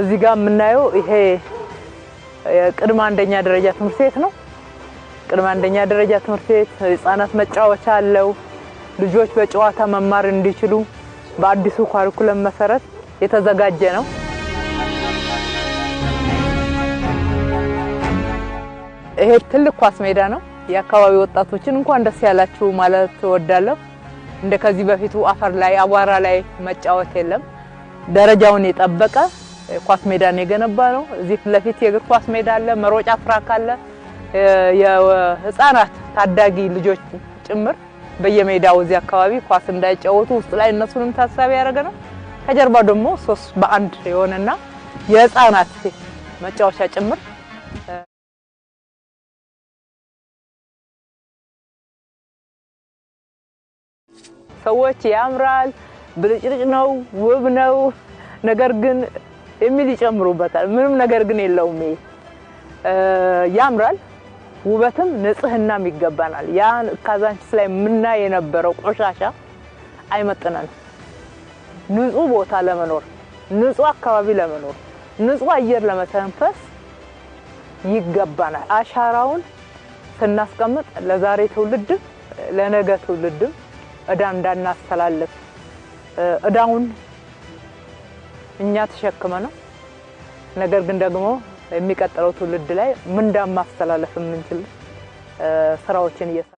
እዚህ ጋር የምናየው ይሄ ቅድመ አንደኛ ደረጃ ትምህርት ቤት ነው። ቅድመ አንደኛ ደረጃ ትምህርት ቤት ህጻናት መጫወቻ አለው። ልጆች በጨዋታ መማር እንዲችሉ በአዲሱ ኳሪኩለም መሰረት የተዘጋጀ ነው። ይሄ ትልቅ ኳስ ሜዳ ነው። የአካባቢ ወጣቶችን እንኳን ደስ ያላችሁ ማለት እወዳለሁ። እንደ ከዚህ በፊቱ አፈር ላይ አቧራ ላይ መጫወት የለም። ደረጃውን የጠበቀ ኳስ ሜዳን የገነባ ነው። እዚህ ፊት ለፊት የእግር ኳስ ሜዳ አለ፣ መሮጫ ትራክ አለ። የህፃናት ታዳጊ ልጆች ጭምር በየሜዳው እዚህ አካባቢ ኳስ እንዳይጫወቱ ውስጥ ላይ እነሱንም ታሳቢ ያደረገ ነው። ከጀርባ ደግሞ ሶስት በአንድ የሆነና የህፃናት መጫወቻ ጭምር ሰዎች ያምራል፣ ብልጭልጭ ነው፣ ውብ ነው። ነገር ግን የሚል ይጨምሩበታል። ምንም ነገር ግን የለውም። ይሄ ያምራል፣ ውበትም ንጽህናም ይገባናል። ያ ካዛንችስ ላይ የምናይ የነበረው ቆሻሻ አይመጥነን። ንጹህ ቦታ ለመኖር ንጹህ አካባቢ ለመኖር ንጹህ አየር ለመተንፈስ ይገባናል። አሻራውን ስናስቀምጥ ለዛሬ ትውልድም ለነገ ትውልድም እዳ እንዳናስተላልፍ እዳውን እኛ ተሸክመ ነው። ነገር ግን ደግሞ የሚቀጥለው ትውልድ ላይ ምንዳን ማስተላለፍ የምንችል ስራዎችን እየሰራ